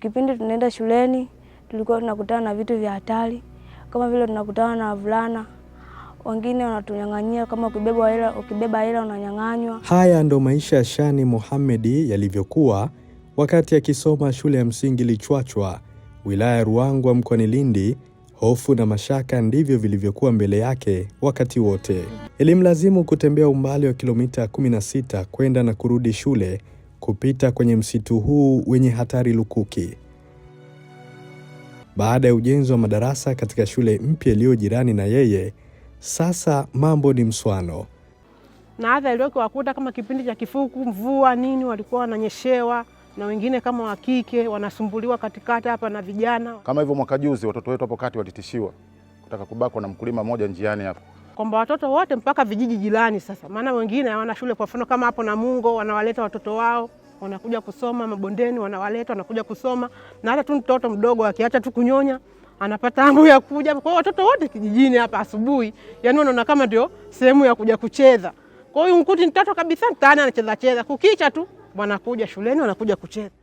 Kipindi tunaenda shuleni, tulikuwa tunakutana na vitu vya hatari kama vile tunakutana na vulana wengine wanatunyang'anyia, kama ukibeba hela, ukibeba hela unanyang'anywa. Haya ndo maisha ya Shani muhamedi yalivyokuwa wakati akisoma shule ya msingi Lichwachwa, wilaya ya Ruangwa, mkoani Lindi. Hofu na mashaka ndivyo vilivyokuwa mbele yake wakati wote. Ilimlazimu kutembea umbali wa kilomita 16 kwenda na kurudi shule kupita kwenye msitu huu wenye hatari lukuki. Baada ya ujenzi wa madarasa katika shule mpya iliyo jirani na yeye, sasa mambo ni mswano na hata iliokiwakuta kama kipindi cha kifuku, mvua nini, walikuwa wananyeshewa na wengine kama wa kike wanasumbuliwa katikati hapa na vijana kama hivyo. Mwaka juzi watoto wetu hapo kati walitishiwa kutaka kubakwa na mkulima mmoja njiani hapo kwamba watoto wote mpaka vijiji jirani sasa, maana wengine hawana shule. Kwa mfano kama hapo Namungo, wanawaleta watoto wao wanakuja kusoma, mabondeni wanawaleta wanakuja kusoma, na hata tu mtoto mdogo akiacha tu kunyonya anapata hamu ya kuja. Kwa hiyo watoto wote kijijini hapa asubuhi, yani wanaona kama ndio sehemu ya kuja kucheza. Kwa hiyo mkuti mtoto kabisa mtaani anacheza cheza, kukicha tu wanakuja shuleni wanakuja kucheza.